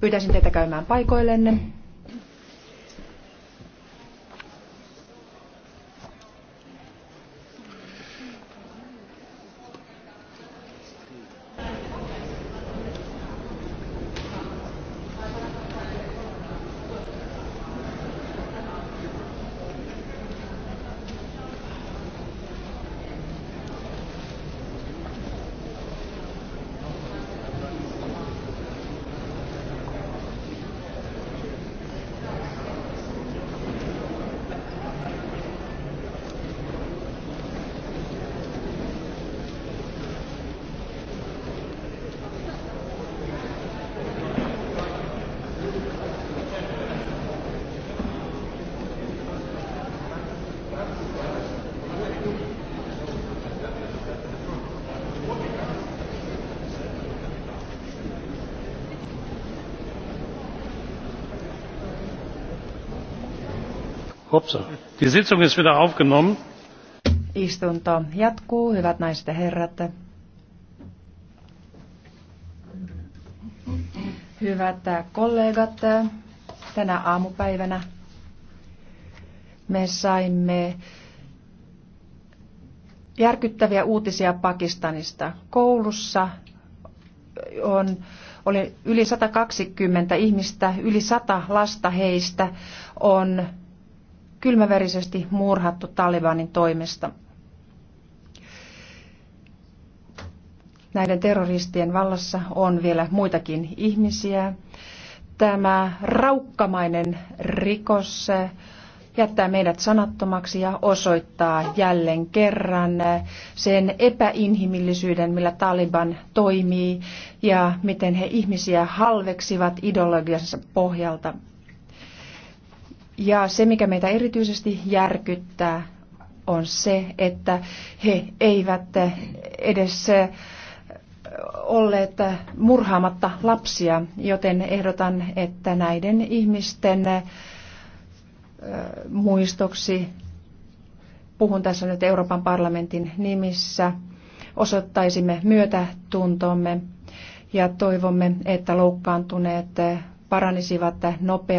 Pyytäisin teitä käymään paikoillenne. Istunto jatkuu, hyvät naiset ja herrat. Hyvät kollegat, tänä aamupäivänä me saimme järkyttäviä uutisia Pakistanista. Koulussa on, oli yli 120 ihmistä, yli 100 lasta heistä on kylmäverisesti murhattu Talibanin toimesta. Näiden terroristien vallassa on vielä muitakin ihmisiä. Tämä raukkamainen rikos jättää meidät sanattomaksi ja osoittaa jälleen kerran sen epäinhimillisyyden, millä Taliban toimii ja miten he ihmisiä halveksivat ideologiansa pohjalta. Ja se, mikä meitä erityisesti järkyttää, on se, että he eivät edes eh, olleet murhaamatta lapsia, joten ehdotan, että näiden ihmisten eh, muistoksi, puhun tässä nyt Euroopan parlamentin nimissä, osoittaisimme myötätuntomme ja toivomme, että loukkaantuneet eh, paranisivat nopeasti.